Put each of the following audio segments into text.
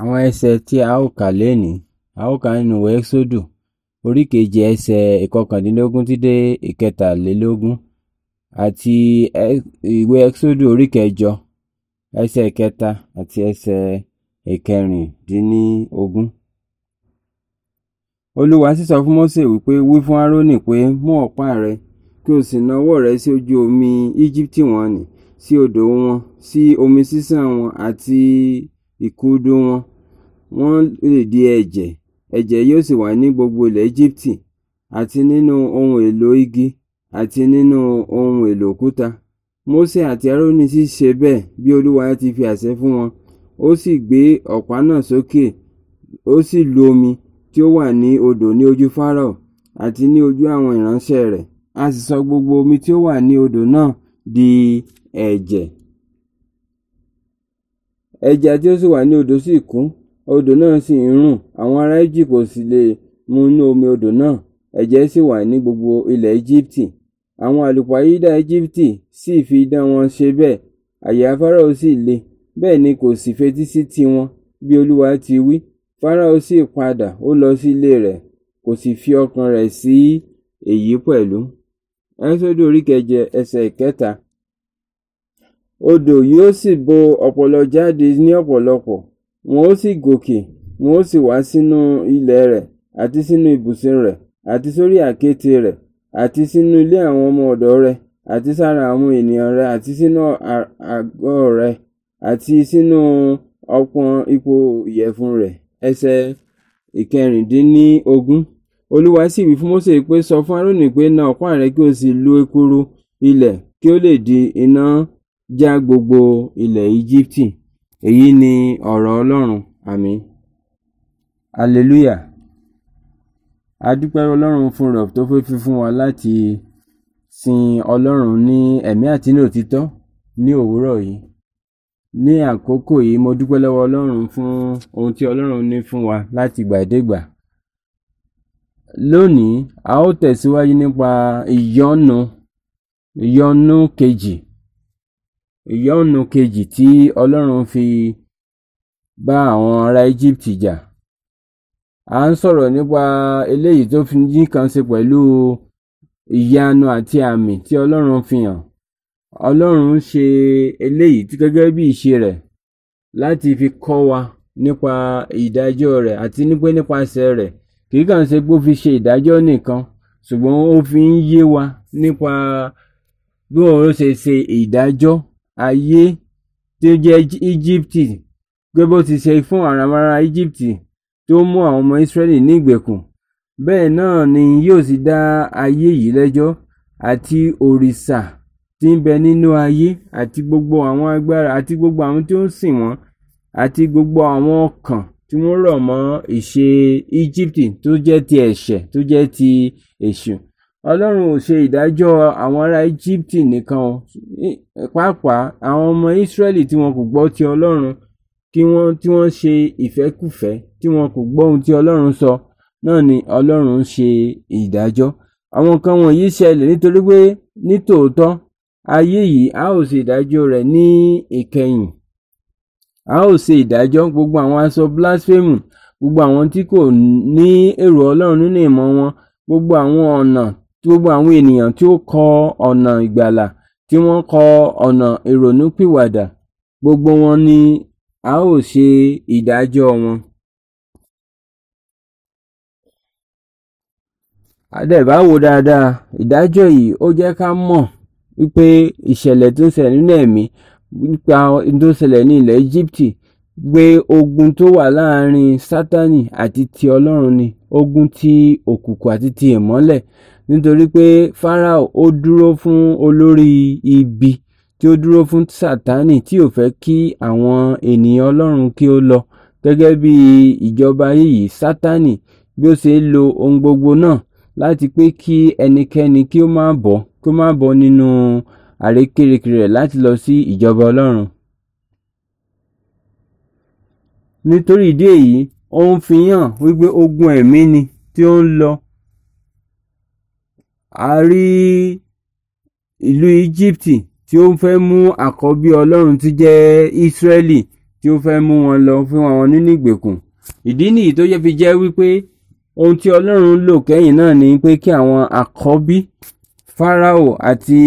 Àwọn ẹsẹ̀ tí a ó kà lónìí, a ó kà nínú ìwé Ẹ́kísódù orí kejì ẹsẹ̀ ìkọkàndínlógún títí dé ìkẹtàlélógún àti ìwé Ẹ́kísódù orí kẹjọ ẹsẹ̀ kẹta àti ẹsẹ̀ ìkẹrìndínlógún. Olúwa sì sọ fún Mósè wípé wí fún Árónì pé mú ọ̀pá rẹ kí o sì na ọwọ́ rẹ sí ojú omi Íjíbítì wọ̀nyí sí odò wọn sí omi sísàn wọn àti ìkúdù wọn wọ́n lè di ẹ̀jẹ̀ ẹ̀jẹ̀ yóò sì wà ní gbogbo ilẹ̀ Íjíbítì àti nínú ohun èlò igi àti nínú ohun èlò òkúta Mósè àti Áárónì sì ṣe bẹ́ẹ̀ bí Olúwa ti fi àṣẹ fún wọn ó sì gbé ọ̀pá náà sókè ó sì lu omi tí ó wà ní odò ní ojú Fáráò àti ní ojú àwọn ìránṣẹ́ rẹ̀ a sì sọ gbogbo omi tí ó wà ní odò náà di ẹ̀jẹ̀ ẹja tí ó sì wà ní odò sì kún odò náà sì ń rùn àwọn ará egypt kò sì lè mu inú omi odò náà ẹ̀jẹ̀ sì wà ní gbogbo ilẹ̀ egypt àwọn àlùpàyídà egypt sì fi idán wọn ṣe bẹ́ẹ̀ àyà fáráò sì le bẹ́ẹ̀ ni kò sì fetí sí tiwọn bí olúwa ti wí fáráò sì padà ó lọ sí ilé rẹ̀ kò sì fi ọkàn rẹ̀ sí èyí pẹ̀lú. ẹ́sọ́dọ̀ orí keje ẹsẹ̀ ìkẹta odò yóò sì bo ọ̀pọ̀lọ́ jáde ní ọ̀pọ̀lọpọ̀ wọn ó sì gòkè wọn ó sì wá sínú ilẹ̀ rẹ̀ àti sínú ibùsùn rẹ̀ àti sórí àkéte rẹ̀ àti sínú ilé àwọn ọmọ ọ̀dọ̀ rẹ̀ àti sára àwọn ènìyàn rẹ̀ àti sínú àgọ́ rẹ̀ àti sínú ọpọ́n ipò ìyẹ̀fun rẹ̀ ẹsẹ̀ ìkẹrìndínlógún olúwa sì wí fún Mósè pé sọ fún Árónì pé na ọ̀pá rẹ̀ kí o sì lu ekuru ilẹ̀ kí ó lè di iná já gbogbo ilẹ̀ íjíbítì èyí ni ọ̀rọ̀ ọlọ́run àmín hallelujah a ọlọ́run fún rẹ̀ tó fẹ́ fi fún wa láti sin ọlọ́run ní ẹ̀mí àti ní òtítọ́ ní òwúrọ̀ yìí ní àkókò yìí mo dúpẹ́ lọ́wọ́ ọlọ́run fún ohun tí ọlọ́run ní fún wa láti gbàdégbà lónìí a ó tẹ̀síwájú nípa ìyọ́nú ìyọ́nú kejì ìyọ́nú kejì tí ọlọ́run fi bá àwọn ará egypt jà à ń sọ̀rọ̀ nípa eléyìí tó fi ní kan ṣe pẹ̀lú ìyanu àti àmì tí ọlọ́run fi hàn ọlọ́run ṣe eléyìí tí gẹ́gẹ́ bí ìṣe rẹ̀ láti fi kọ́ wa nípa ìdájọ́ rẹ̀ àti nípé nípasẹ̀ rẹ̀ kì kàn ṣe pé ó fi ṣe ìdájọ́ nìkan ṣùgbọ́n ó fi ń yé wa nípa bí òun ṣe ṣe ìdájọ́ ayé tí ó jẹ́ íjíbítì gẹ́gẹ́ bó ti ṣe fún àwọn ará íjíbítì tó mú àwọn ọmọ ísírẹ́lì ní ìgbèkùn bẹ́ẹ̀ náà ni yóò sì dá ayé yìí lẹ́jọ́ àti òrìṣà tí ń bẹ nínú ayé àti gbogbo àwọn agbára àti gbogbo àwọn tí ó ń sìn wọ́n àti gbogbo àwọn ọkàn tí wọ́n rọ̀ mọ́ ìṣe íjíbítì tó jẹ́ ti ẹ̀ṣẹ̀ tó jẹ́ ti èṣù ọlọ́run ò ṣe ìdájọ́ àwọn ará íjíbítì nìkan pàápàá àwọn ọmọ ísírẹ́lì tí wọn kò gbọ́ ti ọlọ́run kí wọ́n tí wọ́n ṣe ìfẹ́kùfẹ́ tí wọn kò gbọ́ ohun tí ọlọ́run sọ náà ni ọlọ́run ṣe ìdájọ́ àwọn kan wọ̀nyí ṣẹlẹ̀ nítorí pé nítòótọ́ ayé yìí a ó ṣe ìdájọ́ rẹ̀ ní ìkẹyìn a ó ṣe ìdájọ́ gbogbo àwọn aṣọ blasphemy gbogbo àwọn tí kò ní èrò ọlọ́run nínú ìmọ̀ wọn gbogbo àwọn ọ̀nà tí gbogbo àwọn ènìyàn tí ó kọ ọ̀nà ìgbàlà tí wọ́n kọ ọ̀nà ìrònúpìwàdà gbogbo wọn ni a ó ṣe ìdájọ́ wọn. àdẹ̀bá wo dáadáa ìdájọ́ yìí ó jẹ́ ká mọ̀ wípé ìṣẹ̀lẹ̀ tó ń ṣẹlẹ̀ nínú ẹ̀mí nípa tó ń ṣẹlẹ̀ ní ilẹ̀ Íjíbítì gbé ogun tó wà láàrin Sátánì àti ti Ọlọ́run ni ogun ti òkùnkùn àti ti ìmọ́lẹ̀ nítorí pé Fáráò ó dúró fún olórí ibi tí ó dúró fún Sátánì tí ò fẹ́ kí àwọn ènìyàn Ọlọ́run kí ó lọ gẹ́gẹ́ bí ìjọba yìí Sátánì bí ó ṣe lo ohun gbogbo náà láti pé kí ẹnikẹ́ni kí ó má bọ́ kí ó má bọ́ nínú àrékérekè rẹ̀ láti lọ sí ìjọba Ọlọ́run. nítorí ìdí èyí ó ń fi hàn wípé ogun ẹ̀mí ni tí ó ń lọ a rí ìlú Egypt tí ó fẹ́ mú àkọ́bí Ọlọ́run tí jẹ́ Ísírẹ́lì tí ó fẹ́ mú wọn lọ fún wọn nínú ìgbèkùn ìdí nìyí tó yẹ fi jẹ́ wípé ohun tí Ọlọ́run lò kẹ́yìn náà ni pé kí àwọn àkọ́bí Fáráò àti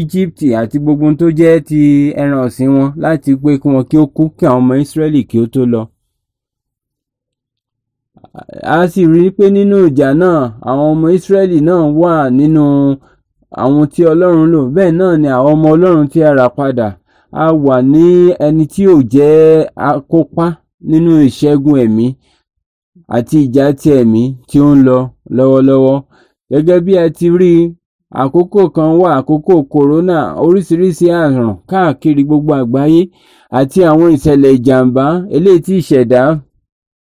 Egypt àti gbogbo tó jẹ́ ti ẹran ọ̀sìn wọn láti pé kí wọn kí ó kú kí àwọn ọmọ Ísírẹ́lì kí ó tó lọ a sì rí i pé nínú ìjà náà àwọn ọmọ Ísírẹ́lì náà wà nínú àwọn tí Ọlọ́run lò bẹ́ẹ̀ náà ni àwọn ọmọ Ọlọ́run tí a rà padà a wà ní ẹni tí ò jẹ́ akópa nínú ìṣẹ́gun ẹ̀mí àti ìjà ti ẹ̀mí tí ó ń lọ lọ́wọ́lọ́wọ́ gẹ́gẹ́ bí a ti rí àkókò kan wà àkókò kòrónà oríṣiríṣi àrùn káàkiri gbogbo àgbáyé àti àwọn ìṣẹ̀lẹ̀ ìjàmbá eléyìí tí ìṣẹ̀dá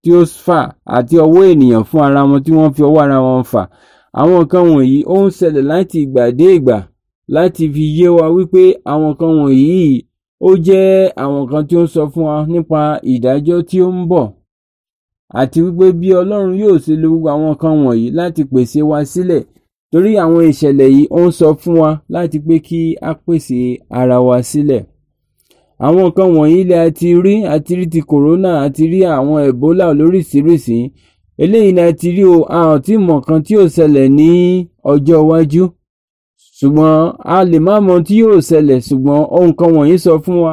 tí ó fà àti ọwọ́ ènìyàn fún ara wọn tí wọ́n fi ọwọ́ ara wọn fà àwọn nǹkan wọ̀nyí ó ń ṣẹlẹ̀ láti ìgbà dé ìgbà láti fi yé wa wípé àwọn nǹkan wọ̀nyí ó jẹ́ àwọn nǹkan tí ó ń sọ fún wa nípa ìdájọ́ tí ó ń bọ̀ àti wípé bí Ọlọ́run yóò ṣe lo gbogbo àwọn nǹkan wọ̀nyí láti pèsè wa sílẹ̀ torí àwọn ìṣẹ̀lẹ̀ yìí ó ń sọ fún wa láti pé kí a pèsè ara wa sílẹ̀ àwọn nǹkan wọ̀nyí lẹ àti rí àti rí ti corona àti rí àwọn ebola lóríṣiríṣi eléyìí lẹ ti rí o àwọn tí mọ̀ kan tí yóò ṣẹlẹ̀ ní ọjọ́ iwájú ṣùgbọ́n a lè má mọ̀ tí yóò ṣẹlẹ̀ ṣùgbọ́n ohun kan wọ̀nyí sọ fún wa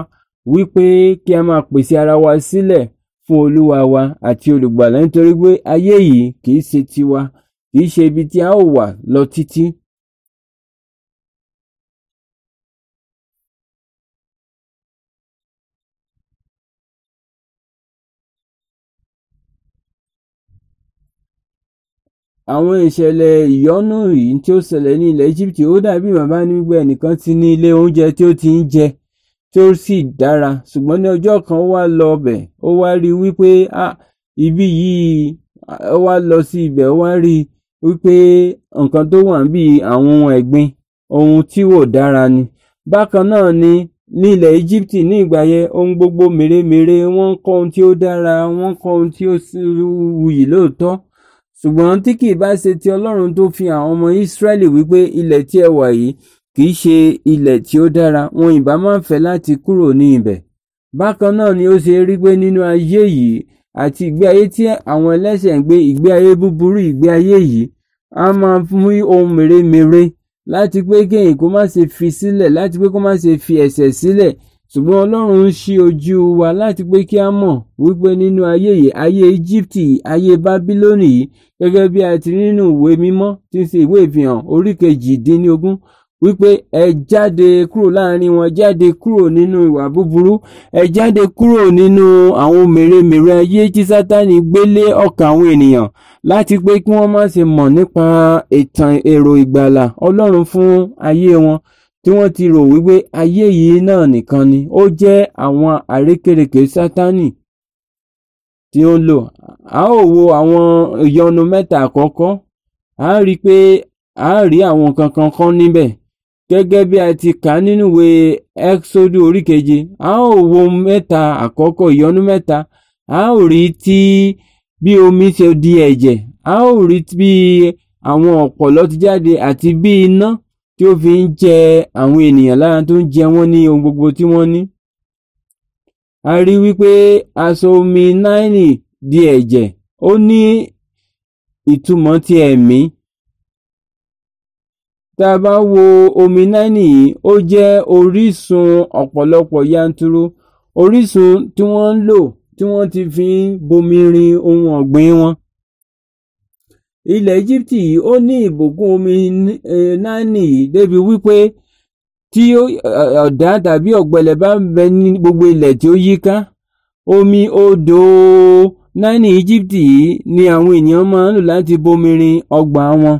wípé kí a máa pèsè ara wa sílẹ̀ fún olúwa wa àti olùgbàlà nítorí pé ayé yìí kì í ṣe tiwa kì í ṣe ibi tí a ó wà lọ títí àwọn ìṣẹ̀lẹ̀ ìyọ́nú yìí tí ó ṣẹlẹ̀ ní ilẹ̀ Egypt ó dàbí bàbá ní gbogbo ẹnìkan ti ní ilé oúnjẹ tí ó ti ń jẹ tí ó sì dára ṣùgbọ́n ní ọjọ́ kan ó wá lọ ọbẹ̀ ó wá rí wípé ibi yìí ó wá lọ sí ibẹ̀ ó wá rí wípé nǹkan tó wà bí àwọn ohun ẹ̀gbin ohun tí wò dára ni bákan náà ni ní ilẹ̀ Egypt ní ìgbà yẹn ohun gbogbo mèremère wọ́n ń kọ́ ohun tí ó dára wọ́n kọ́ ohun tí ó wuyì lóòótọ́ ṣùgbọ́n tí kì í bá ṣe ti ọlọ́run tó fi àwọn ọmọ Ísírẹ́lì wípé ilẹ̀ tí ẹ wà yìí kì í ṣe ilẹ̀ tí ó dára wọn ìbá máa ń fẹ́ láti kúrò ní ibẹ̀ bákan náà ni ó ṣe rí pé nínú ayé yìí àti ìgbé ayé tí àwọn ẹlẹ́ṣẹ̀ ń gbé ìgbé ayé búburú ìgbé ayé yìí a máa mú ohun mèremère láti pé kéèyàn kó má ṣe fi sílẹ̀ láti pé kó má ṣe fi ẹ̀ṣẹ̀ sílẹ̀ ṣùgbọ́n ọlọ́run ń ṣí ojú wa láti pé kí a mọ̀ wípé nínú ayé yìí ayé íjíbítì ayé bábílónì yìí gẹ́gẹ́ bí a ti nínú ìwé mímọ́ tí ń ṣe ìwé ìfihàn orí kejìdínlógún wípé ẹ jáde kúrò láàrin wọn jáde kúrò nínú ìwà búburú ẹ jáde kúrò nínú àwọn mèremère ayé tí sátani gbélé ọkàn àwọn ènìyàn láti pé kí wọ́n má ṣe mọ̀ nípa ìtàn èrò ìgbàlà ọlọ́run fún ayé wọn tí wọ́n ti rò wípé ayé yìí náà nìkan ni ó jẹ́ àwọn àrékérekè sátánì tí ó ń lò a ó wo àwọn ìyọnu mẹ́ta àkọ́kọ́ a rí i pé a rí àwọn nǹkan kan kan níbẹ̀ gẹ́gẹ́ bí a ti kà nínú ìwé ẹ́ksódù oríkeje a ó wo mẹ́ta àkọ́kọ́ ìyọnu mẹ́ta a ó rí tí bí omi ṣe di ẹ̀jẹ̀ a ó rí bí àwọn ọ̀pọ̀lọ́ ti jáde àti bí iná tí ó fi ń jẹ àwọn ènìyàn lára tó ń jẹ wọ́n ní ohun gbogbo tí wọ́n ní. a rí wípé aṣọ omi náírì di ẹ̀jẹ̀ ó ní ìtumọ̀ ti ẹ̀mí. tá a bá wo omi náírì yìí ó jẹ́ orísun ọ̀pọ̀lọpọ̀ yanturu orísun tí wọ́n ń lò tí wọ́n ti fi ń bomi rin ohun ọ̀gbìn wọn ilẹ̀ Egypt ó ní ìbùkún omi Nile débi wípé tí ọ̀dá tàbí ọ̀gbẹlẹ̀ bá ń bẹ ní gbogbo ilẹ̀ tí ó yíká omi odò Nile Egypt ni àwọn ènìyàn máa ń lò láti bomirin ọgbà wọn.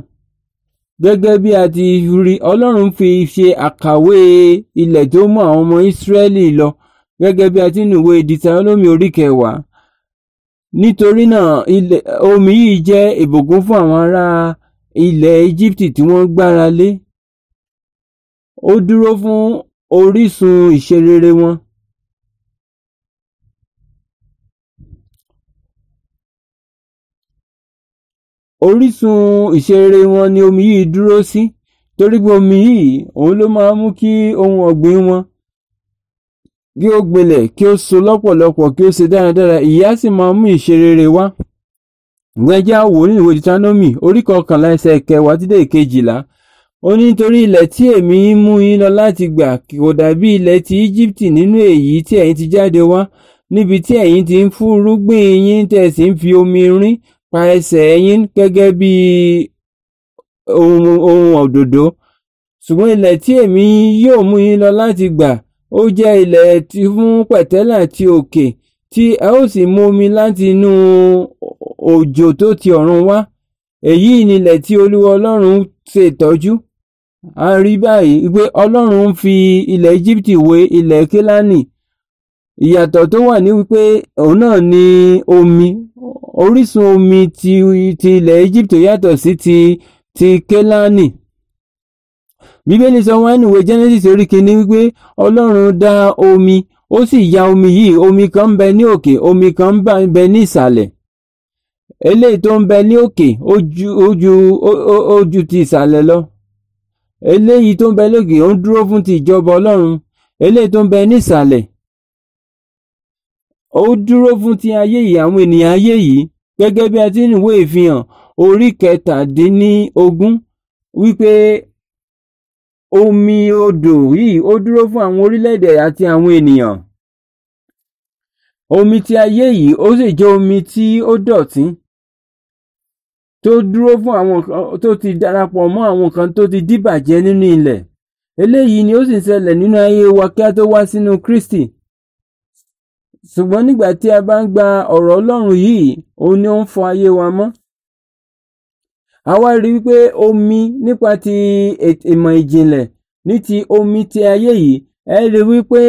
Gẹ́gẹ́ bí a ti rí Ọlọ́run fi ṣe àkàwé ilẹ̀ tó mú àwọn ọmọ Ísírẹ́lì lọ gẹ́gẹ́ bí a ti ń nùwé Deuteronomy orí kẹwàá Nítorí náà omi yìí jẹ́ ìbùkún fún àwọn ará ilẹ̀ Íjípìtì tí wọ́n gbára lé e. Ó dúró fún orísun ìṣerere wọn. Orísun ìṣerere wọn ni omi yìí dúró sí torí pé omi yìí òun ló máa ń mú kí ohun ọ̀gbìn wọn kí ó gbilẹ̀ kí ó so lọ́pọ̀lọpọ̀ kí ó ṣe dáradára ìyá sì máa mú ìṣe rere wá. gbẹ́jẹ́ àwò ní ìwé deuteronomy orí kọkànlá ẹsẹ̀ kẹwàá títí ìkejìlá ó ní nítorí ilẹ̀ tí èmi ń mú yín lọ láti gbà kò dàbí ilẹ̀ ti Íjíbítì nínú èyí tí ẹ̀yin ti jáde wá níbi tí ẹ̀yin ti ń fúrúgbìn yín tẹ̀ sì ń fi omi rin pa ẹsẹ̀ yín gẹ́gẹ́ bí ohun òdòdó ṣùgbọ́n ilẹ̀ tí èmi yóò mú yín lọ láti gbà ó jẹ́ ilẹ̀ tí fún pẹ̀tẹ́lẹ̀ ti òkè tí ẹ ó sì mú omi láti inú òjò tó ti ọ̀run wá èyí nílẹ̀ tí olúwa ọlọ́run ṣètọ́jú a rí báyìí pé ọlọ́run ń fi ilẹ̀ íjíbítì wé ilẹ̀ kílánì ìyàtọ̀ tó wà ní wípé òun náà ni omi orísun omi ti, ti ilẹ̀ íjíbítì yàtọ̀ sí ti ti kílánì bíbélì sọ wọ́n nìwé genesis orí kìíní wípé ọlọ́run dá omi ó sì ya omi yìí omi kan ń bẹ ní òkè omi kan ń bẹ ní ìsàlẹ̀ eléyìí tó ń bẹ ní òkè ó ju ó ju ó ju ti ìsàlẹ̀ lọ eléyìí tó ń bẹ lókè ó ń dúró fún ti ìjọba ọlọ́run eléyìí tó ń bẹ ní ìsàlẹ̀ ó dúró fún ti ayé yìí àwọn ènìyàn ayé yìí gẹ́gẹ́ bí a ti ń wé ìfihàn orí kẹtàdínní ogún wípé Omi odò yìí ó dúró fún àwọn orílẹ̀-èdè àti àwọn ènìyàn. Omi ti ayé yìí ó sì jẹ́ omi tí ó dọ̀tí tó dúró fún àwọn tó ti darapọ̀ mọ́ àwọn kan tó ti díbàjẹ́ nínú ilẹ̀. Eléyìí ni ó sì ń ṣẹlẹ̀ nínú ayé wa kí a tó wá sínú Kristi. Ṣùgbọ́n nígbà tí a bá ń gba ọ̀rọ̀ Ọlọ́run yìí, òun ni ó ń fọ ayé wa mọ́ àwa rí wípé omi nípa ti ìmọ̀ ìjìnlẹ̀ ní ti omi ti ayé yìí ẹ rí wípé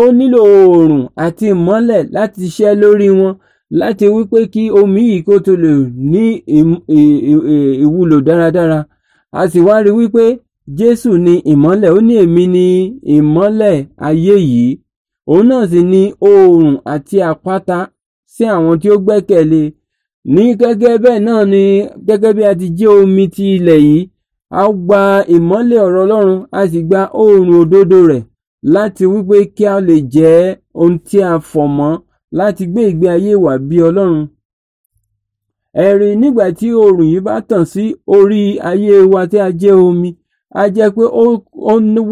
ó nílò oòrùn àti ìmọ́lẹ̀ láti ṣiṣẹ́ lórí wọn láti wípé kí omi yìí kó tó lè ní ìwúlò dáradára a sì wá rí wípé Jésù ni ìmọ́lẹ̀ ó ní èmi ni ìmọ́lẹ̀ ayé yìí òun náà sì ni oòrùn àti àpáta sí àwọn tí ó gbẹ́kẹ̀lé ní gẹ́gẹ́ bẹ́ẹ̀ náà ni gẹ́gẹ́ bí a ti jẹ́ omi ti ilẹ̀ yìí a gba ìmọ́lẹ̀ ọ̀rọ̀ Ọlọ́run a sì gba oòrùn òdodo rẹ̀ láti wípé kí a lè jẹ́ ohun tí a fọ̀ mọ́ láti gbé ìgbé ayé wà bí Ọlọ́run ẹ̀rí nígbà tí oòrùn yìí bá tàn sí orí ayé wa tí a jẹ́ omi a jẹ́ pé ó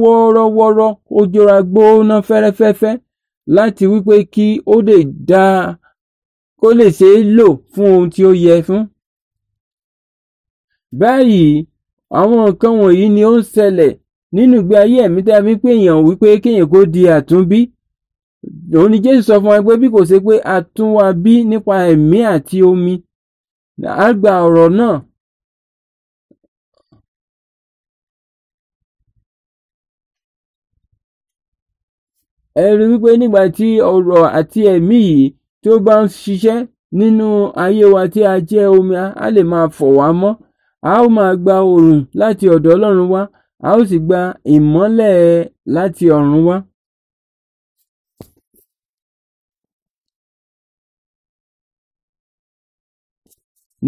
wọ́ọ́rọ́wọ́ọ́rọ́ ó jọra gbóná fẹ́rẹ́fẹ́fẹ́ láti wípé kí ó lè dáa kó lè ṣeé lò fún ohun tí ó yẹ fún. Báyìí, àwọn nǹkan wọ̀nyí ni ó ń ṣẹlẹ̀ nínú ìgbé ayé ẹ̀mí tá a fi ń pè èèyàn wípé kéèyàn kó di àtúnbí. Òun ni Jésù sọ fún wa pé bí kò ṣe pé a tún wa bí nípa ẹ̀mí àti omi. A gba ọ̀rọ̀ náà ẹ rí wípé nígbà tí ọ̀rọ̀ àti ẹ̀mí yìí tí ó bá ń ṣiṣẹ́ nínú ayé wa tí a jẹ́ omi á lè máa fọ̀ wá mọ́ a ó máa gba oòrùn láti ọ̀dọ̀ Ọlọ́run wá a ó sì gba ìmọ́lẹ̀ láti ọ̀run wá.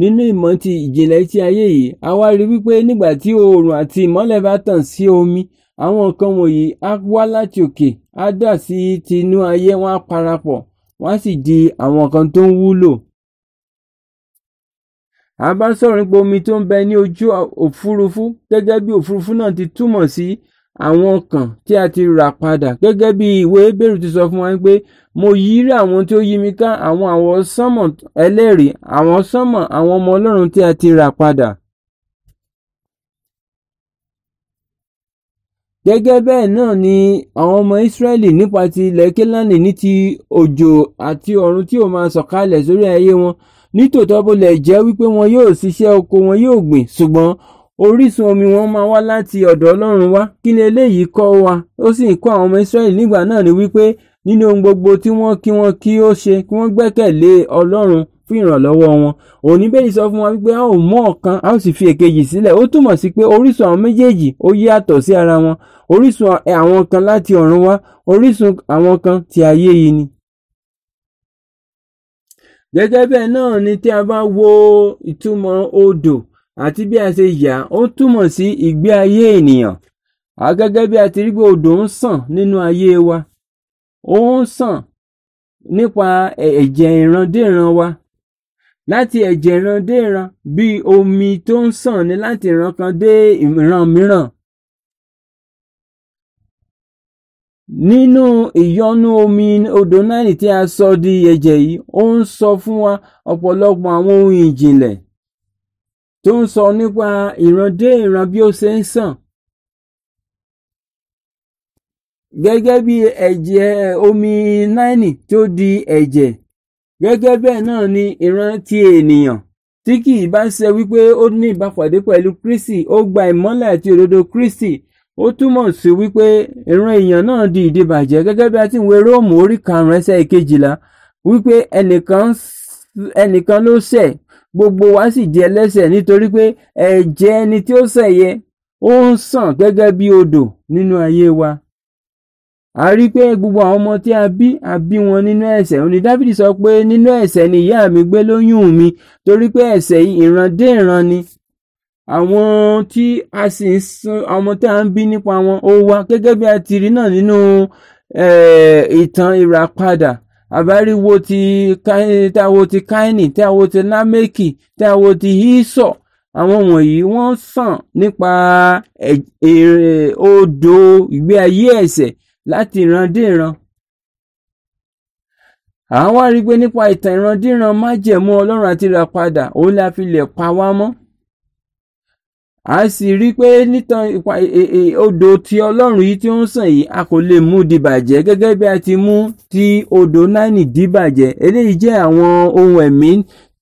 nínú ìmọ̀ ti ìjìnlẹ̀ ti ayé yìí a wá rí wípé nígbà tí oòrùn àti ìmọ́lẹ̀ bá tàn sí omi àwọn nǹkan wọ̀nyí á wá láti òkè á dà sí tinú ayé wọn á parapọ̀ wọ́n sì di àwọn kan tó ń wúlò. a bá sọ̀rọ̀ nípa omi tó ń bẹ ní ojú òfurufú gẹ́gẹ́ bí òfurufú náà ti túmọ̀ sí àwọn kan tí a ti rà padà gẹ́gẹ́ bí ìwé Hébérù ti sọ fún wa pé mo yírí àwọn tí ó yí mi ká àwọn àwọsánmọ̀ ẹlẹ́rìí àwọn sánmọ̀ àwọn ọmọ Ọlọ́run tí a ti rà padà. gẹ́gẹ́ bẹ́ẹ̀ náà ni àwọn ọmọ Ísírẹ́lì nípa ti ilẹ̀ Kénáánì ní ti òjò àti ọ̀run tí ó máa sọ̀kalẹ̀ sórí ayé wọn nítòótọ́ bó lẹ̀ jẹ́ wípé wọn yóò ṣiṣẹ́ oko wọn yóò gbìn ṣùgbọ́n orísun omi wọn máa wá láti ọ̀dọ̀ Ọlọ́run wá kí ni eléyìí kọ́ wa ó sì ń kọ́ àwọn ọmọ Ísírẹ́lì nígbà náà ni wípé nínú ohun gbogbo tí wọ́n kí wọ́n kí ó ṣe kí wọ́n gbẹ́kẹ̀lé Ọlọ́run fún ìrànlọ́wọ́ wọn oníbẹ̀rì sọ fún wọn wípé a ò mú ọ̀kan a ó sì fi èkejì sílẹ̀ ó túmọ̀ sí pé orísun àwọn méjèèjì ó yàtọ̀ sí ara wọn orísun àwọn kan láti ọ̀run wá orísun àwọn kan ti ayé yìí ni. gẹ́gẹ́ bẹ́ẹ̀ náà ni tí a bá wo ìtumọ̀ odò àti bí a ṣe yà ó túmọ̀ sí ìgbé ayé ènìyàn a gẹ́gẹ́ bí a ti rí pé odò ń sàn nínú ayé wa ó ń sàn nípa ẹ̀jẹ̀ ìrandíran wa láti ẹ̀jẹ̀ ìran dé ìran bí omi tó ń sàn ni láti ìran kan dé ìran mìíràn. nínú ìyọnu omi odò Náílì tí a sọ di ẹ̀jẹ̀ yìí ó ń sọ fún wa ọ̀pọ̀lọpọ̀ àwọn ohun ìjìnlẹ̀ tó ń sọ nípa ìran dé ìran bí ó ṣe ń sàn. gẹ́gẹ́ bí ẹ̀jẹ̀ omi Náílì tó di ẹ̀jẹ̀ gẹ́gẹ́ bẹ́ẹ̀ náà ni ìran ti ènìyàn tí kì í bá ṣe wípé ó ní ìbápàdé pẹ̀lú Kristi ó gba ìmọ́lẹ̀ àti òdodo Kristi ó túmọ̀ sí wípé ìran èèyàn náà di ìdìbàjẹ́ gẹ́gẹ́ bí a ti ń wé Róòmù orí karùn-ún ẹsẹ̀ kejìlá wípé ẹnìkan ẹnìkan ló ṣẹ̀ gbogbo wa sì di ẹlẹ́ṣẹ̀ nítorí pé ẹ̀jẹ̀ ẹni tí ó ṣẹ̀ ó ń sàn gẹ́gẹ́ bí odò nínú ayé wa a rí pé gbogbo àwọn ọmọ tí a bí a bí wọn nínú ẹ̀ṣẹ̀ òní Dáfídì sọ pé nínú ẹ̀ṣẹ̀ ni ìyá mi gbé lóyún mi torí pé ẹ̀ṣẹ̀ yìí ìran dé ìran ni àwọn tí a sì ń sun ọmọ tí a ń bí nípa wọn ó wá gẹ́gẹ́ bí a ti rí náà nínú ìtàn ìràpadà àbáríwo ti táwo ti Káínì táwo ti Lámékì táwo ti Ísọ̀ àwọn wọ̀nyí wọ́n sàn nípa odò ìgbé ayé ẹ̀ṣẹ̀ láti ìran dé ìran. à ń wá rí i pé nípa ìtàn ìran dé ìran májẹ̀mú ọlọ́run àti rà padà òun la fi lè pa wá mọ́. a sì rí i pé nítan e, e, odò ti ọlọ́run yìí tí ó ń sàn yìí a kò lè mú dìbàjẹ́ gẹ́gẹ́ bí a ti mú ti odò náà nì dìbàjẹ́ eléyìí jẹ́ àwọn ohun ẹ̀mí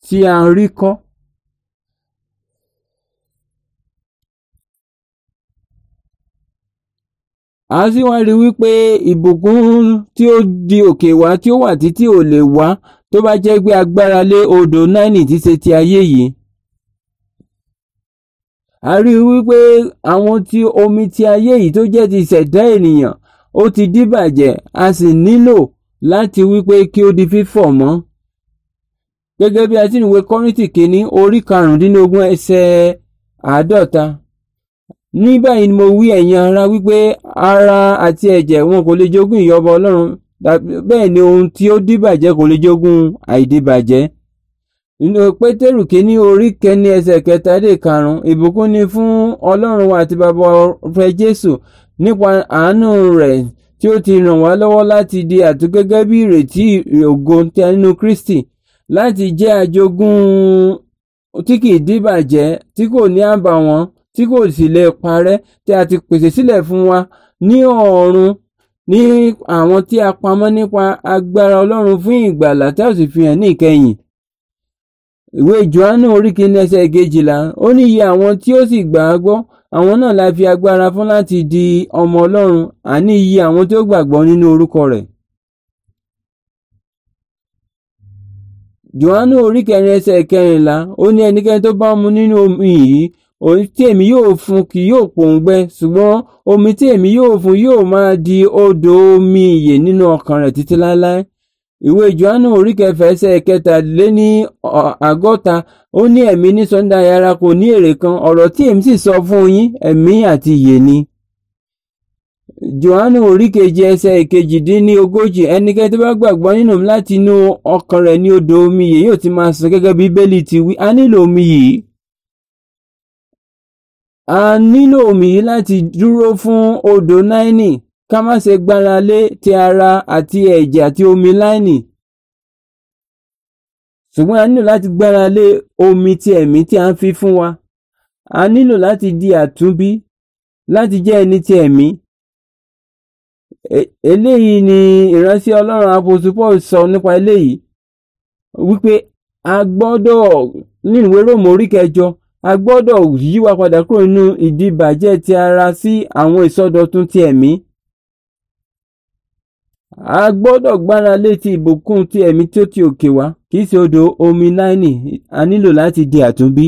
tí a rí kọ́. a sì wá rí wípé ìbùkún tí ó di òkè wá tí ó wà títí ò lè wá tó bá jẹ́ pé agbára lé odò náírà ti ṣe ti ayé yìí. a rí wípé àwọn ti omi ti ayé yìí tó jẹ́ ti ṣẹ̀dá ènìyàn ó ti díbàjẹ́ a sì nílò láti wípé kí ó di fífọ̀ mọ́. gẹ́gẹ́ bí a ti ń wé Kọ́ríńtì kìíní orí karùndínlógún ẹsẹ̀ àádọ́ta ní báyìí ni mo wí ẹ̀yin ara wípé ara àti ẹ̀jẹ̀ wọn kò lè jogún ìyọba ọlọ́run bẹ́ẹ̀ ni ohun tí ó díbàjẹ́ kò lè jogún àìdíbàjẹ́. pétérù kínní orí kẹni ẹsẹ̀ kẹta dé karùn-ún ìbùkún ni fún ọlọ́run àti bàbá rẹ̀ jésù nípa àánú rẹ̀ tí ó ti ràn wá lọ́wọ́ láti di àtú bí ìrètí ògo nínú kristi láti jẹ́ àjogún tí kìí díbàjẹ́ tí kò ní àbàwọ́n tí kò sì lè parẹ́ tí a ti pèsè sílẹ̀ fún wa ní ọ̀run ní àwọn tí a pamọ́ nípa agbára Ọlọ́run fún ìgbàlà tí a sì fi hàn ní ìkẹyìn. ìwé Jòhánù orí ẹsẹ̀ kejìlá ó ní iye àwọn tí ó sì gbà á gbọ́ àwọn náà la fi agbára fún láti di ọmọ Ọlọ́run àní iye àwọn tí ó gbàgbọ́ nínú orúkọ rẹ̀. Jòhánù orí kẹrin ẹsẹ̀ kẹrìnlá ó ní ẹnikẹ́ni tó bá mu nínú omi yìí òun tí èmi yóò fún kì yóò pòǹgbẹ ṣùgbọ́n omi tí èmi yóò fún yóò máa di odò omi ìyè nínú ọkàn rẹ̀ títí láéláé ìwé Jòhánù orí kẹfà ẹsẹ̀ kẹtàléní àgọ́ta ó ní ẹ̀mí ní Sunday Ayára kò ní èrè kan ọ̀rọ̀ tí èmi sì sọ fún yín ẹ̀mí àti ìyè ni. Jòhánù orí keje ẹsẹ̀ ìkejìdínní ogójì ẹnikẹ́ni tó bá gbàgbọ́ nínú mi láti inú ọkàn rẹ̀ ní odò omi ìyè yóò ti máa sàn gẹ́gẹ́ bí Bíbélì ti wí a nílò omi yìí a nílò omi láti dúró fún odò Nílì ká má ṣe gbára lé ti ara àti ẹ̀jẹ̀ àti omi Nílì ṣùgbọ́n a nílò láti gbára lé omi ti ẹ̀mí tí a ń fi fún wa a nílò láti di àtúnbí láti jẹ́ ẹni ti ẹ̀mí e, eléyìí ni ìránṣẹ́ Ọlọ́run Apostle sọ nípa eléyìí wípé a gbọ́dọ̀ nínú ìwé Róòmù orí kẹjọ a gbọ́dọ̀ yíwa padà kúrò nínú ìdíbàjẹ́ ti ara sí àwọn ìsọdọ̀tun ti ẹ̀mí. a gbọ́dọ̀ gbára lé ti ìbùkún ti ẹ̀mí tí ó ti òkè wá kì í ṣe odò omi láìní a nílò láti di àtúnbí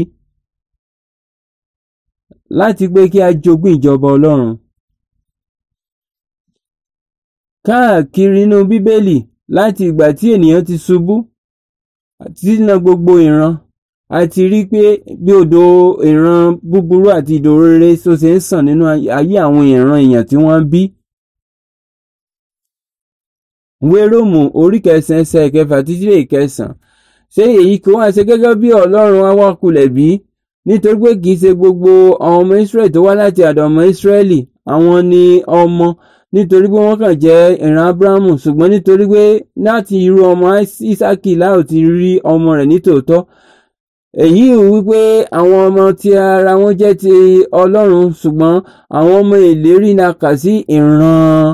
láti pé kí a jogún ìjọba Ọlọ́run. káàkiri inú Bíbélì láti ìgbà tí ènìyàn ti ṣubú títí náà gbogbo ìran a ti rí pé bí odò ìran búburú àti ìdò rere tó ṣe ń sàn nínú ayé àwọn ìran èèyàn tí wọ́n bí. ìwé róòmù orí kẹsàn-án ẹsẹ̀ ìkẹfà títí lè kẹsàn-án ṣé èyí kò wá ṣe gẹ́gẹ́ bí ọlọ́run awákulẹ̀ bí nítorí pé kì í ṣe gbogbo àwọn ọmọ Ísírẹ́lì tó wá láti àdọ̀ ọmọ Ísírẹ́lì àwọn ni ọmọ nítorí pé wọ́n kàn jẹ́ ìran Ábúráhámù ṣùgbọ́n nítorí pé láti irú ọmọ Ísákì láò ti rí ọmọ rẹ̀ nítòótọ́ èyí wípé àwọn ọmọ tí ara wọn jẹ́ ti ọlọ́run ṣùgbọ́n àwọn ọmọ ìlérí la kà sí ìran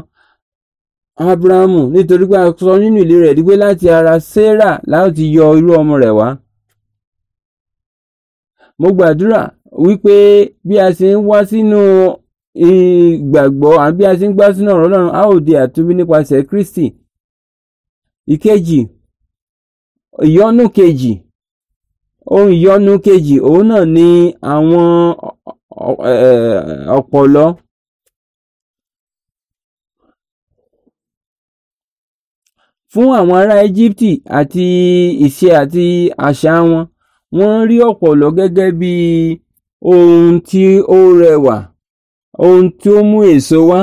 abrahamu nítorí pé a sọ nínú ìlérí rẹ̀ wípé láti ara sarah láti yọ irú ọmọ rẹ̀ wá. mo gbàdúrà wípé bí a ṣe ń wá sínú ìgbàgbọ́ àbí bí a ṣe ń gbá sínú ọ̀rọ̀ ọlọ́run a ó di àtúnbí nípasẹ̀ kristi ìkejì ìyọ́nú kejì ohun ìyọnu kejì òun náà ni àwọn ọpọlọ fún àwọn ará Íjíbítì àti ìṣe àti àṣà wọn wọ́n rí ọpọlọ gẹ́gẹ́ bí ohun tí ó rẹwà ohun tí ó mú èso wá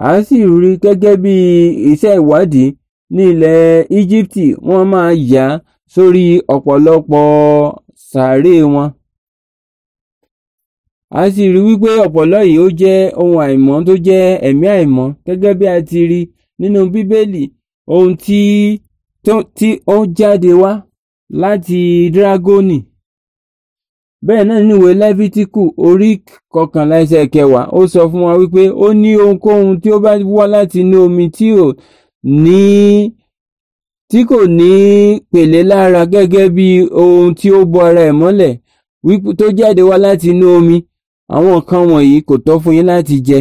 a sì rí gẹ́gẹ́ bí iṣẹ́ ìwádìí ní ilẹ̀ íjíbítì wọ́n máa yà sórí ọ̀pọ̀lọpọ̀ sàárè wọn. a sì rí wípé ọ̀pọ̀lọ́ yìí ó jẹ́ ohun àìmọ́ tó jẹ́ ẹ̀mí àìmọ́ gẹ́gẹ́ bí a ti rí nínú bíbélì ohun tí ó jáde wá láti dragoni bẹ́ẹ̀ náà níwèé lẹ́fítíkù orí kọkànlá ẹsẹ̀ kẹwàá ó sọ fún wa wípé ó ní ohunkóhun tí ó bá wá láti inú omi tí ò ní tí kò ní pèlè lára gẹ́gẹ́ bí ohun tí ó bo ara ẹ̀ mọ́lẹ̀ tó jáde wá láti inú omi àwọn nǹkan wọ̀nyí kò tọ́ fún yín láti jẹ.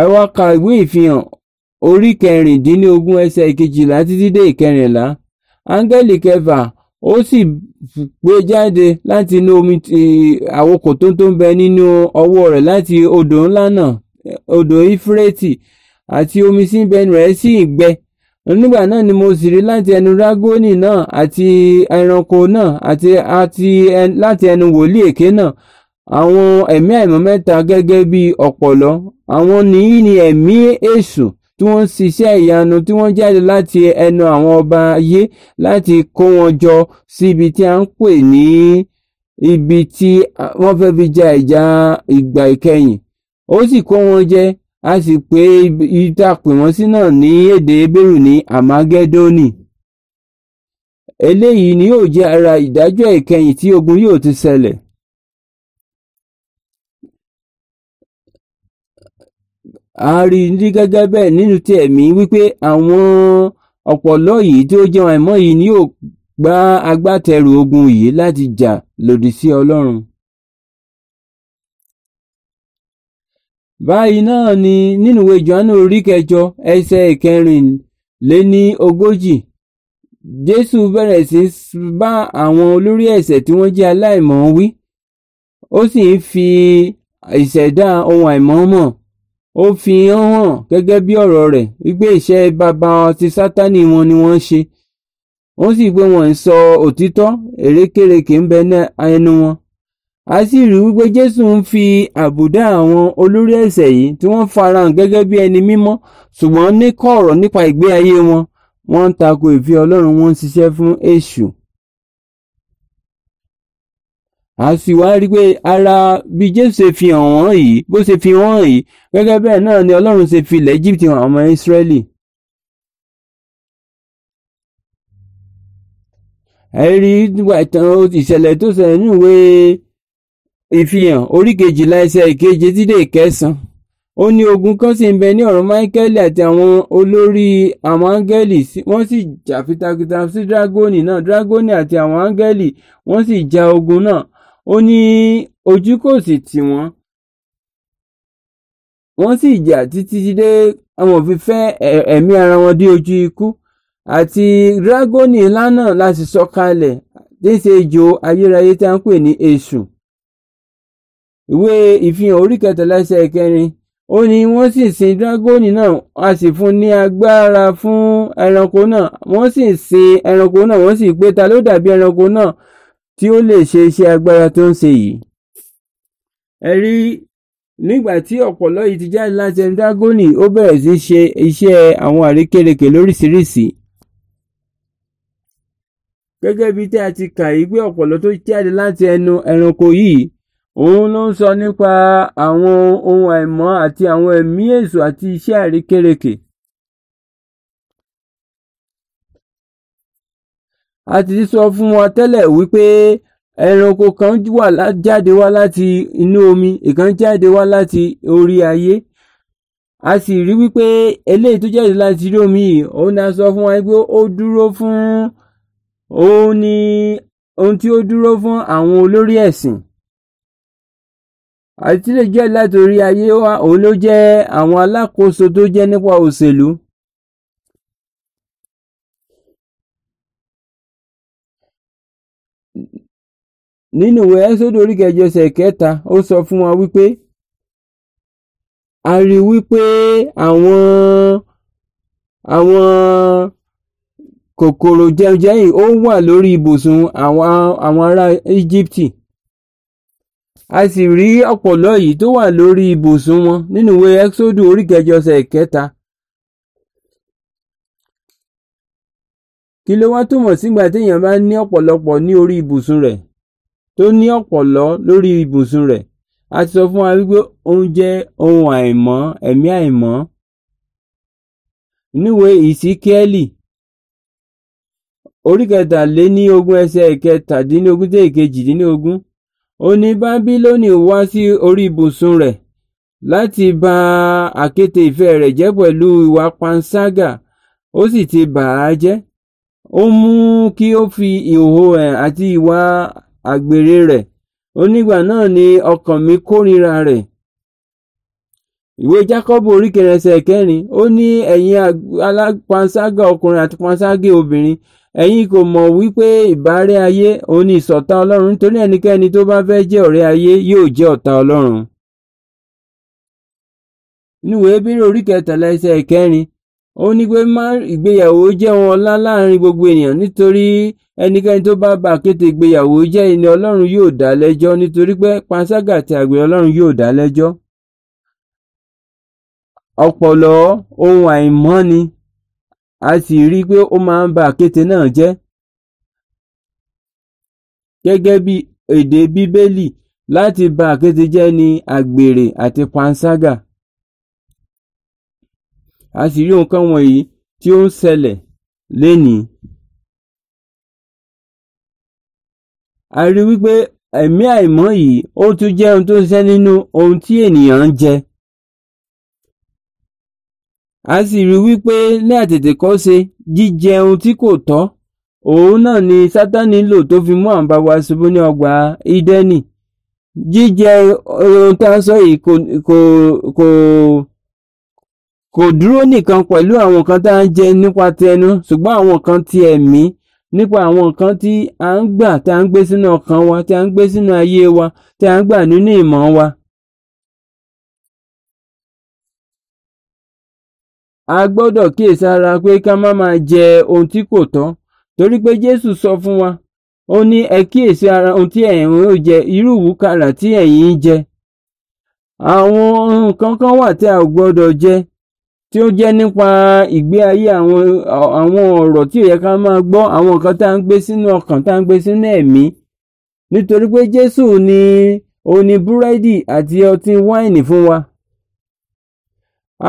ẹ wá ìfihàn orí kẹrìndínlógún ẹsẹ̀ kejìlá títí dé ìkẹrìnlá áńgẹ́lì kẹfà ó sì gbé jáde láti inú omi àwokò tó tó ń bẹ nínú ọwọ́ rẹ̀ láti odò ńlá náà odò ífírẹ́tì àti omi sí bẹnu rẹ̀ sì gbẹ nígbà náà ni mo sì rí láti ẹnu rágónì náà àti ẹranko náà àti àti láti ẹnu wòlíì èké náà àwọn ẹ̀mí àìmọ́ mẹ́ta gẹ́gẹ́ bí ọ̀pọ̀lọ́ àwọn nìyí ni ẹ̀mí èṣù tí wọ́n ń ṣiṣẹ́ ìyanu tí wọ́n jáde láti ẹnu àwọn ọba ayé láti kó wọn jọ síbi tí a ń pè ní ibi tí wọ́n fẹ́ fi ja ìjà ìgbà ìkẹyìn ó sì kó wọn jẹ a sì pè ìta pè sí náà ní èdè ebérù ní amagedoni eléyìí ni yóò jẹ́ ara ìdájọ́ ìkẹyìn tí ogun yóò ti ṣẹlẹ̀ a rí ní gẹ́gẹ́ bẹ́ẹ̀ nínú ti ẹ̀mí wípé àwọn ọ̀pọ̀lọ́ yìí tí ó jẹun àìmọ́ yìí ni yóò gba agbátẹrù ogun yìí láti jà lòdì sí Ọlọ́run. báyìí náà ni nínú ìwé Jòhánù orí kẹjọ ẹsẹ̀ ìkẹrin lé ní ogójì Jésù bẹ̀rẹ̀ sí bá àwọn olórí ẹ̀ṣẹ̀ tí wọ́n jẹ́ aláìmọ̀ wí ó sì ń fi ìṣẹ̀dá ohun àìmọ̀ mọ̀ ó fi ń hàn gẹ́gẹ́ bí ọ̀rọ̀ rẹ̀ wípé iṣẹ́ baba ti sátani wọn ni wọ́n ń ṣe wọ́n sì pé wọ́n ń sọ òtítọ́ èrékèrèké ń bẹ ní ẹnu wọn a sì rí wípé Jésù ń fi àbùdá àwọn olórí ẹ̀ṣẹ̀ yìí tí wọ́n farahàn gẹ́gẹ́ bí ẹni mímọ́ ṣùgbọ́n ní kọ̀rọ̀ nípa ìgbé ayé wọn wọ́n ń tako ìfẹ́ Ọlọ́run wọ́n ń ṣiṣẹ́ fún èṣù a sì wá rí i pé ara bí Jésù ṣe fi hàn wọ́n yìí bó ṣe fi wọ́n yìí gẹ́gẹ́ bẹ́ẹ̀ náà ni Ọlọ́run ṣe fi ilẹ̀ Egypt hàn ọmọ Ísírẹ́lì. ẹ rí ìṣẹ̀lẹ̀ tó ṣẹlẹ̀ ní ìwé ìfihàn orí kejìlá ẹsẹ̀ ìkeje tí dé ìkẹsàn-án ó ní ogun kan sì ń bẹ ní ọ̀rọ̀ Máíkẹ́lì àti àwọn olórí àwọn áńgẹ́lì wọ́n sì jà fìtàfìtà sí dragoni náà dragoni àti àwọn áńgẹ́lì wọ́n sì jà ogun náà ó ní ojú kò sì tì wọ́n wọ́n sì jà títí dé àwọn òfin fẹ́ ẹ̀mí ara wọn dé ojú ikú àti dragoni ńlá náà láti sọ kalẹ̀ tí ń ṣe ejò ayérayé tí a ń pè ní èṣù ìwé ìfihàn orí kẹtàlá kẹrin ó ní wọ́n sì sin dragoni náà a sì fún ní agbára fún ẹranko náà wọ́n sì sin ẹranko náà wọ́n sì gbé ta ló dàbí ẹranko náà tí ó lè ṣe iṣẹ́ agbára tó ń ṣe yìí. ẹ rí nígbà tí ọ̀pọ̀lọ́ yìí ti jáde láti ẹ̀ńdágónì ó bẹ̀rẹ̀ sí ṣe iṣẹ́ àwọn àrékérekè lóríṣiríṣi. gẹ́gẹ́ bí tí a ti kà yí pé ọ̀pọ̀lọ́ tó jáde láti ẹnu ẹranko yìí òun ló ń sọ nípa àwọn ohun àìmọ́ àti àwọn ẹ̀mí èṣù àti iṣẹ́ àrékérekè. a ti sọ fún wọn tẹ́lẹ̀ wípé ẹranko kan wà jáde wá láti inú omi ìkan jáde wá láti orí ayé a sì rí wípé eléyìí tó jáde láti inú omi yìí òun náà sọ fún wa pé ó dúró fún òun ni ohun tí ó dúró fún àwọn olórí ẹ̀sìn àti lè jẹ́ láti orí ayé wa òun ló jẹ́ àwọn alákòóso tó jẹ́ nípa òṣèlú nínú ìwé ẹ́sódò orí kẹjọ ẹsẹ̀ kẹta ó sọ fún wọn wípé a rí wípé àwọn àwọn kòkòrò jẹjẹ yìí ó wà lórí ibùsùn àwọn àwọn ará Íjíbítì a sì rí ọ̀pọ̀lọ́ yìí tó wà lórí ibùsùn wọn nínú ìwé ẹ́sódò orí kẹjọ ẹsẹ̀ kẹta kí ló wá túmọ̀ sígbà téèyàn bá ní ọ̀pọ̀lọpọ̀ ní orí ibùsùn rẹ̀ tó ní ọ̀pọ̀lọ́ lórí ibùsùn rẹ̀ a ti sọ fún wa wípé òun jẹ́ ohun àìmọ́ ẹ̀mí àìmọ́ níwèé ìsíkíẹ́lì orí kẹtàléníogún ẹsẹ̀ kẹtàdínlógún dé ìkejìdínlógún ó ní bábílónì wá sí orí ibùsùn rẹ̀ láti bà àkéte ìfẹ́ rẹ̀ jẹ́ pẹ̀lú ìwà panṣágà ó sì ti bà á jẹ́ ó mú kí ó fi ìhò ẹ̀ àti ìwà àgbèrè rẹ̀ onígbà náà ni ọkàn mi kórìíra rẹ̀ ìwé Jákọ́bù orí kẹrẹsẹ kẹrin ó ní ẹ̀yin alápanṣágà ọkùnrin àti panṣágà obìnrin ẹ̀yin kò mọ̀ wípé ìbárẹ́ ayé òun ni ìṣọ̀tá Ọlọ́run nítorí ẹnikẹ́ni tó bá fẹ́ jẹ́ ọ̀rẹ́ ayé yóò jẹ́ ọ̀tá Ọlọ́run. níwèé Hébérù orí kẹrin ó ní pé ìgbéyàwó jẹ́ ohun ọlá láàrin gbogbo ènìyàn nítorí ẹnikẹ́ni tó bá ba àkéte ìgbéyàwó jẹ́ ẹni ọlọ́run yóò dá lẹ́jọ́ nítorí pé panṣágà àti àgbèrè ọlọ́run yóò dá lẹ́jọ́. ọ̀pọ̀lọ́ ohun àìmọ́ ni a sì rí i pé ó máa ń ba àkéte náà jẹ́. gẹ́gẹ́ bí èdè bíbélì láti ba àkéte jẹ́ ni àgbèrè àti panṣágà a sì rí nǹkan wọ̀nyí tí ó ń ṣẹlẹ̀ lénìí. a rí wípé ẹ̀mí àìmọ́ yìí ó tún jẹ́ ohun tó ń ṣe nínú ohun tí ènìyàn ń jẹ. a sì rí wípé ní àtètèkọ́ṣe jíjẹ ohun tí kò tọ́ òun náà ni sátánì lò tó fi mú àwọn bàbá ṣubú ní ọgbà ídẹ́nì jíjẹ ohun tá a sọ yìí kò kò kò Kò dúró nìkan pẹ̀lú àwọn nǹkan tá à ń jẹ nípa ti ẹnu ṣùgbọ́n àwọn nǹkan ti ẹ̀mí nípa àwọn nǹkan tí à ń gbà tá à ń gbé sínú ọkàn wa, tí à ń gbé sínú ayé wa, tí à ń gbà nínú ìmọ̀ wa. A gbọ́dọ̀ kíyèsára pé ká má máa jẹ ohun tí kò tọ́ torí pé Jésù sọ fún wa ó ní ẹ kíyèsí ara ohun tí ẹ̀yin ò jẹ irú ìwúkàrà tí ẹ̀yin ń jẹ. Àwọn nǹkan kan wà tí a ò gbọ́dọ̀ jẹ tí ó jẹ́ nípa ìgbé ayé àwọn àwọn ọ̀rọ̀ tí ó yẹ ká máa gbọ́ àwọn nǹkan tá à ń gbé sínú ọkàn tá ń gbé sínú ẹ̀mí nítorí pé Jésù ni ó ní búrẹ́dì àti ọtí wáìnì fún wa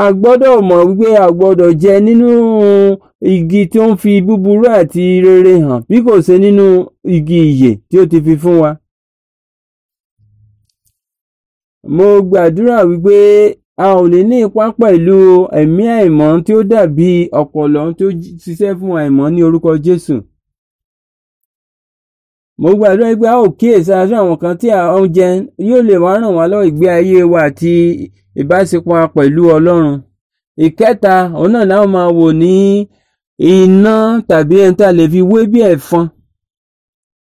a gbọ́dọ̀ mọ̀ wípé a gbọ́dọ̀ jẹ nínú igi tí ó ń fi búburú àti rere hàn bí kò ṣe nínú igi ìyè tí ó ti fi fún wa mo gbàdúrà wípé a ò lè ní ipá pẹ̀lú ẹ̀mí àìmọ́ tí ó dàbí ọ̀pọ̀lọ́ tí ó ṣiṣẹ́ fún àìmọ́ ní orúkọ Jésù. mo gbàdúrà pé a ò kíyèsí aṣọ àwọn kan tí a ń jẹ yóò lè wá ràn wá lọ́wọ́ ìgbé ayé wa àti ìbáṣepọ̀ wa pẹ̀lú Ọlọ́run. ìkẹta òun náà láwọn máa wò ní iná tàbí ẹni tá a lè fi wé bí ẹ̀fọn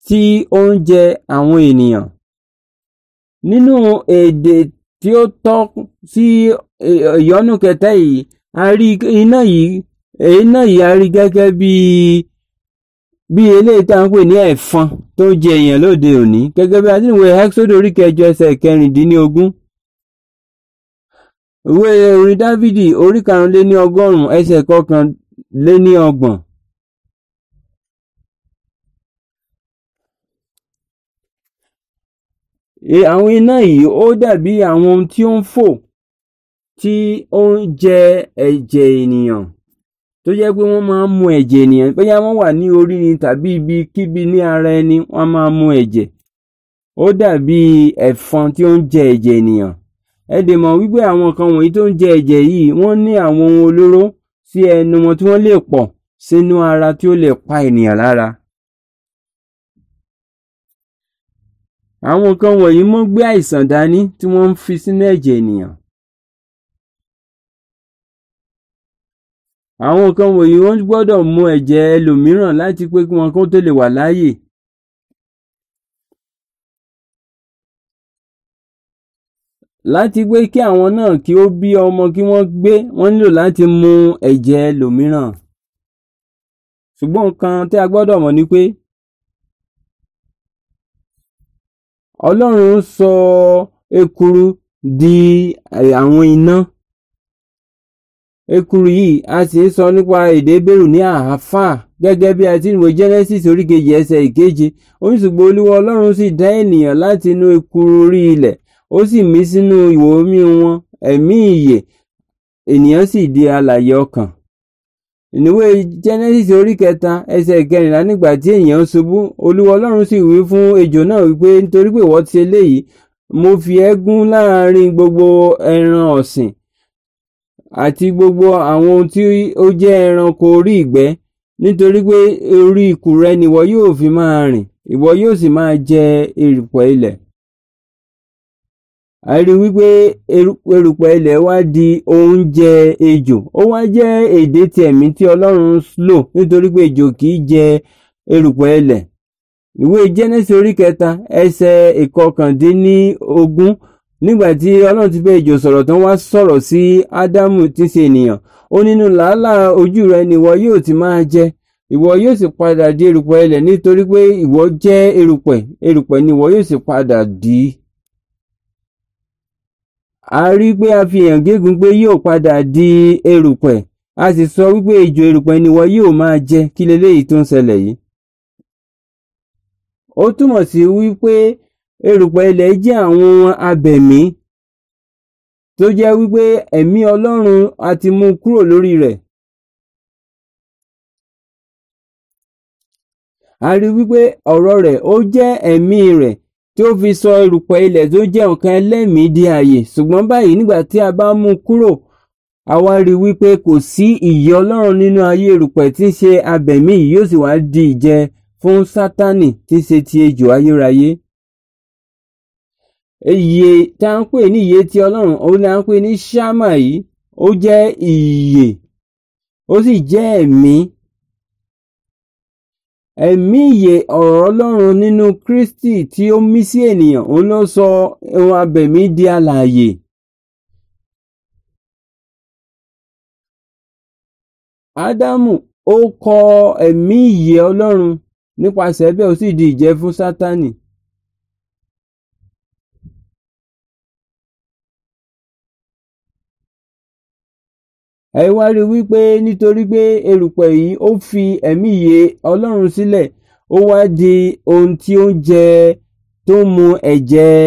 tí ó ń jẹ àwọn ènìyàn. nínú èdè tí ó tọ́ sí e, ìyọ́nú kẹta yìí a rí iná yìí a gẹ́gẹ́ bí bí eléyìí tá à ń pè ní ẹ̀fọn tó ń jẹ èèyàn lóde òní gẹ́gẹ́ bí a ti ń wo Ẹ́kísódù ẹsẹ̀ kẹrìndínlógún ìwé orin Dáfídì orí karùnléní ún ẹsẹ̀ àwọn iná yìí ó dàbí àwọn ohun tí ó ń fò tí ó ń jẹ ẹ̀jẹ̀ ènìyàn tó jẹ́ pé wọ́n máa ń mu ẹ̀jẹ̀ ènìyàn bóyá wọ́n wà ní orí ni tàbí ibi kíbi ní ara ẹni wọ́n máa mu ẹ̀jẹ̀ ó dàbí ẹ̀fọn tí ó ń jẹ ẹ̀jẹ̀ ènìyàn ẹ dè mọ̀ wípé àwọn kan wọ̀nyí tó ń jẹ ẹ̀jẹ̀ yìí wọ́n ní àwọn ohun olóró sí ẹnu wọn tí wọ́n lè pọ̀ sínú ara tí ó lè pa ènìyàn lára àwọn nǹkan wọ̀nyí mọ́ gbé àìsàn dání tí wọ́n ń fi sínú ẹ̀jẹ̀ ènìyàn. àwọn nǹkan wọ̀nyí wọ́n gbọ́dọ̀ mu ẹ̀jẹ̀ ẹlòmíràn láti pé kí wọn kó tó lè wà láàyè. láti pé kí àwọn náà kí ó bí ọmọ kí wọ́n gbé wọ́n nílò láti mu ẹ̀jẹ̀ ẹlòmíràn. ṣùgbọ́n nǹkan tí a gbọ́dọ̀ mọ̀ ni pé Ọlọ́run sọ ekuru di àwọn iná ekuru yìí a sì ń sọ nípa èdè Hébérù ní àáfà gẹ́gẹ́ bí a ti ìwé Genesis oríkejì ẹsẹ̀ ìkeje ó ní ṣùgbọ́n Olúwa Ọlọ́run sì dá ènìyàn láti inú ekuru orí ilẹ̀ ó sì mí sínú ìwò omi wọn ẹ̀mí ìyè ènìyàn sì di alààyè ọkàn ìníwé Jẹ́nẹ́sísì orí kẹta ẹsẹ̀ kẹrìnlá nígbà tí èèyàn ṣubú olúwa ọlọ́run sì wí fún ejò náà wípé nítorí pé ìwọ ti ṣe léyìí mo fi ẹ́ gún láàrin gbogbo ẹran ọ̀sìn àti gbogbo àwọn ohun tí ó jẹ́ ẹranko orí ìgbẹ́ nítorí pé orí ikùn rẹ nìwọ yóò fi máa rìn ìwọ yóò sì máa jẹ erùpẹ̀ ilẹ̀ a rí wípé erùpẹ̀ ilẹ̀ wa di oúnjẹ ejò ó wá jẹ́ èdè ti ẹ̀mí tí Ọlọ́run lò nítorí pé ejò kì í jẹ erùpẹ̀ ilẹ̀ ìwé Jẹ́nẹ́sì orí kẹta ẹsẹ̀ ìkọkàndínlógún nígbà tí Ọlọ́run ti bá ejò sọ̀rọ̀ tán wá sọ̀rọ̀ sí Ádámù tí ṣe ènìyàn ó nínú làálàá ojú rẹ ni ìwọ yóò ti máa jẹ ìwọ yóò sì padà di erùpẹ̀ ilẹ̀ nítorí pé ìwọ jẹ́ erùpẹ̀ erùpẹ̀ ni ìwọ yóò sì padà di a rí pé a fi hàn gégùn pé yóò padà di erùpẹ̀ a sì sọ wípé ejò erùpẹ̀ ni wọ́n yóò máa jẹ kí leléyìí tó ń ṣẹlẹ̀ yìí. ó túmọ̀ sí wípé erùpẹ̀ ilẹ̀ jẹ́ àwọn abẹ̀mí tó jẹ́ wípé ẹ̀mí Ọlọ́run a ti mú kúrò lórí rẹ̀. a rí wípé ọ̀rọ̀ rẹ̀ ó jẹ́ ẹ̀mí rẹ̀ tí ó fi sọ erùpẹ̀ ilẹ̀ tó jẹ́ nǹkan ẹlẹ́mìí di ààyè ṣùgbọ́n báyìí nígbà tí a bá mú kúrò àwa rí wípé kò sí ìyè ọlọ́run nínú ayé erùpẹ̀ tí ń ṣe abẹ̀mí yìí yóò sì wá di ìjẹ fún sátánì tí ń ṣe ti ejò ayérayé. ìyè tá à ń pè ní ìyè ti ọlọ́run òun là ń pè ní ṣámà yìí ó jẹ́ ìyè ó sì jẹ́ ẹ̀mí Ẹ̀mí ìyè ọ̀rọ̀ Ọlọ́run nínú Kristi tí ó mí sí ènìyàn òun ló sọ ohun abẹ̀mí di alààyè. Ádámù ó kọ ẹ̀mí ìyè Ọlọ́run nípasẹ̀ bẹ́ẹ̀ ó sì di ìjẹ fún Sátánì. ẹ wá rí i wípé nítorí pé erùpẹ̀ yìí ó fi ẹ̀mí ìyè ọlọ́run sílẹ̀ ó wá di ohun tí ó ń jẹ tó ń mu ẹ̀jẹ̀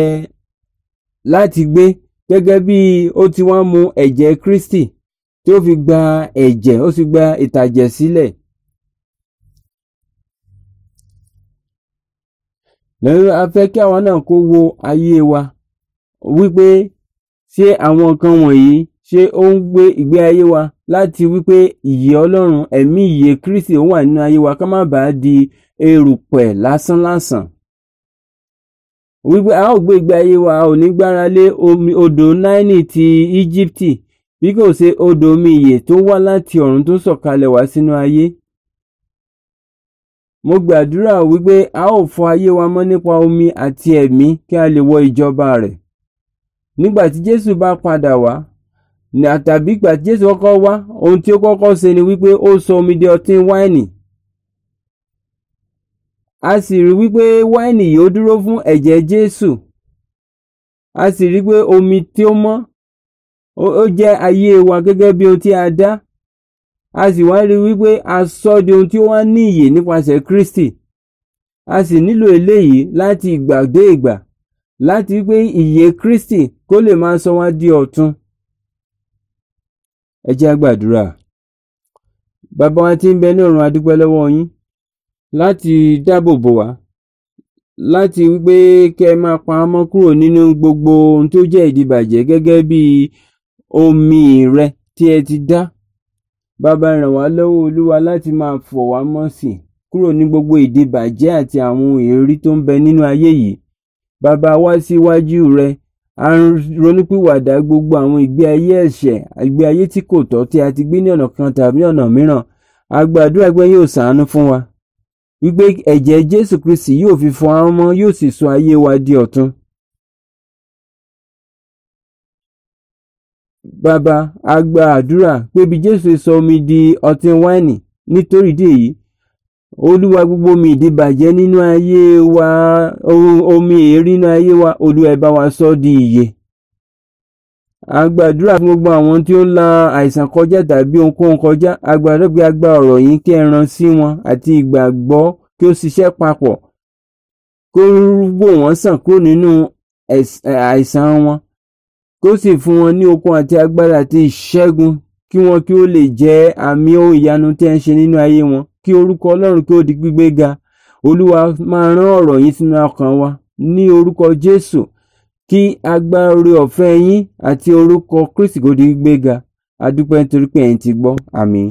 láti gbé gẹ́gẹ́ bí ó ti wá mu ẹ̀jẹ̀ Kristi tí ó fi gba ẹ̀jẹ̀ ó sì gba ìtàjẹ̀ sílẹ̀. lẹ́yìn a kí àwa náà kó wo ayé wa wípé ṣé àwọn nǹkan wọ̀nyí ṣé ó ń gbé ìgbé ayé wa láti wípé ìyè Ọlọ́run ẹ̀mí ìyè Kristi ó wà nínú ayé wa ká má bàa di erùpẹ̀ lásánlásàn wípé a ó gbé ìgbé ayé wa a ò ní gbára lé omi odò náírì ti Íjíbítì bí kò ṣe odò omi ìyè tó wá láti ọ̀run tó sọ̀kalẹ̀ wá sínú ayé mo gbàdúrà wípé a ó fọ ayé wa mọ́ nípa omi àti ẹ̀mí kí a lè wọ ìjọba rẹ̀ nígbà tí Jésù bá padà wá ní àtàbí ìgbà tí Jésù kọ́kọ́ wá ohun tí ó kọ́kọ́ ṣe ni wípé ó sọ omi di ọtí wáìnì a sì rí wípé wáìnì yìí ó dúró fún ẹ̀jẹ̀ Jésù a sì rí pé omi tí ó mọ́ ó jẹ́ ayé wa gẹ́gẹ́ bí ohun tí a dá a sì wá rí wípé a sọ di ohun tí ó wá ní ìyè nípasẹ̀ Kristi a sì nílò eléyìí láti ìgbà dé ìgbà láti wípé ìyè Kristi kó lè máa sọ wá di ọ̀tun ẹ jẹ́ á gbàdúrà bàbá wa tí ń bẹ ní ọ̀run adúpẹ́ lọ́wọ́ yín láti dáàbò bò wá láti wípé kẹ́ ẹ máa pa á mọ́ kúrò nínú gbogbo ohun tó jẹ́ ìdìbàjẹ́ gẹ́gẹ́ bí omi rẹ tí ẹ ti dá bàbá ràn wá lọ́wọ́ olúwa láti máa fọ̀ wá mọ́ sí kúrò ní gbogbo ìdìbàjẹ́ àti àwọn èrí tó ń bẹ nínú ayé yìí bàbá wá síwájú rẹ a ń ronúpìwàdà gbogbo àwọn ìgbé ayé ẹ̀ṣẹ̀ ìgbé ayé tí kò tọ́ tí a ti gbé ní ọ̀nà kan tàbí ọ̀nà mìíràn a gbàdúrà pé yóò ṣàánú fún wa wípé ẹ̀jẹ̀ Jésù Kristi yóò fi fọ ahọ́n mọ́ yóò sì sọ ayé wa di ọ̀tun. bàbá a gba àdúrà pé bí Jésù sọ omi di ọtí wáìnì nítorí ìdí èyí olúwa gbogbo omi ìdíbàjẹ́ nínú ayé wa omi èérí nínú ayé wa olúwa ẹ bá wa sọ di ìyè a fún gbogbo àwọn tí ó ń la àìsàn kọjá tàbí ohunkóhun kọjá a gbàdúrà pé agba ọ̀rọ̀ yìí kí ẹ ràn sí wọn àti ìgbàgbọ́ kí ó ṣiṣẹ́ papọ̀ kó wò wọ́n sàn kúrò nínú àìsàn wọn kó sì fún wọn ní okun àti agbára àti ìṣẹ́gun kí wọn kí ó lè jẹ́ àmì ohun ìyanu tí ẹ ń ṣe nínú ayé wọn kí orúkọ ọlọ́run kí ó di gbígbé ga olúwa máa rán ọ̀rọ̀ yín sínú ọkàn wa ní orúkọ jésù kí agbára ọ̀fẹ́ yín àti orúkọ kristi kó di gbígbé ga adúpẹ́ nítorí pé ẹ̀yin ti gbọ́ àmín